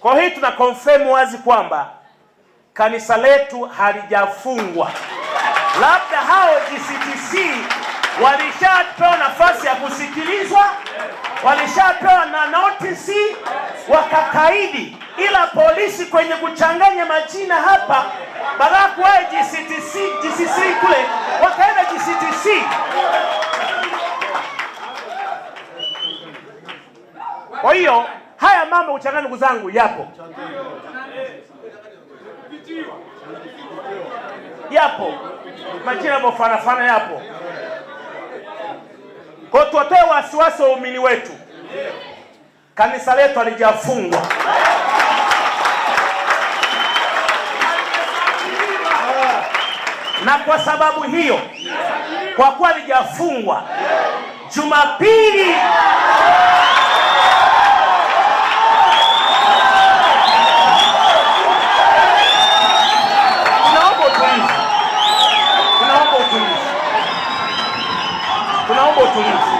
Kwa hii tuna confirm wazi kwamba kanisa letu halijafungwa. Labda hao GCTC walishapewa nafasi ya kusikilizwa, walishapewa na notisi, wakakaidi. Ila polisi kwenye kuchanganya majina hapa, Baraka wae GCTC, GCC kule, wakaenda GCTC. Kwa hiyo mambo kuchanganya, ndugu zangu, yapo yapo, majina yanayofanana yapo. Kwa hiyo tuwatoe wasiwasi wa umini wetu, kanisa letu alijafungwa Na kwa sababu hiyo, kwa kuwa halijafungwa Jumapili Tunaomba utulivu,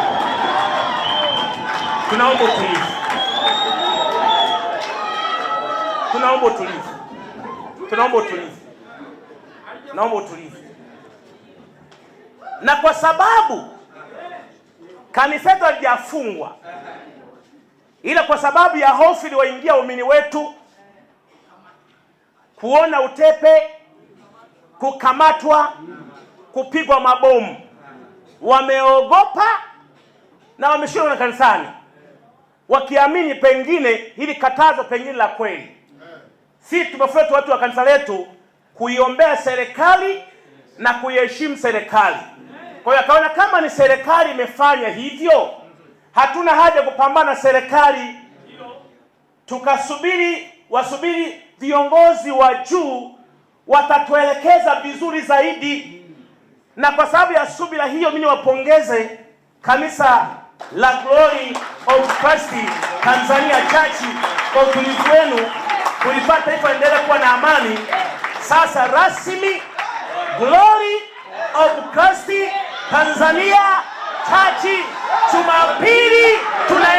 tunaomba utulivu, tunaomba utulivu, tunaomba utulivu, naomba utulivu. Na kwa sababu kanisa letu halijafungwa, ila kwa sababu ya hofu iliyoingia waumini wetu kuona utepe, kukamatwa, kupigwa mabomu wameogopa na wameshindwa na kanisani, wakiamini pengine hili katazo pengine la kweli. Si tumefuata watu wa kanisa letu kuiombea serikali na kuiheshimu serikali. Kwa hiyo akaona kama ni serikali imefanya hivyo, hatuna haja kupambana na serikali, tukasubiri wasubiri viongozi wa juu watatuelekeza vizuri zaidi na kwa sababu ya subira hiyo, mimi niwapongeze kanisa la Glory of Christ Tanzania Church kwa utulivu wenu kulipata taifa endelea kuwa na amani. Sasa rasmi Glory of Christ Tanzania Church Jumapili tuna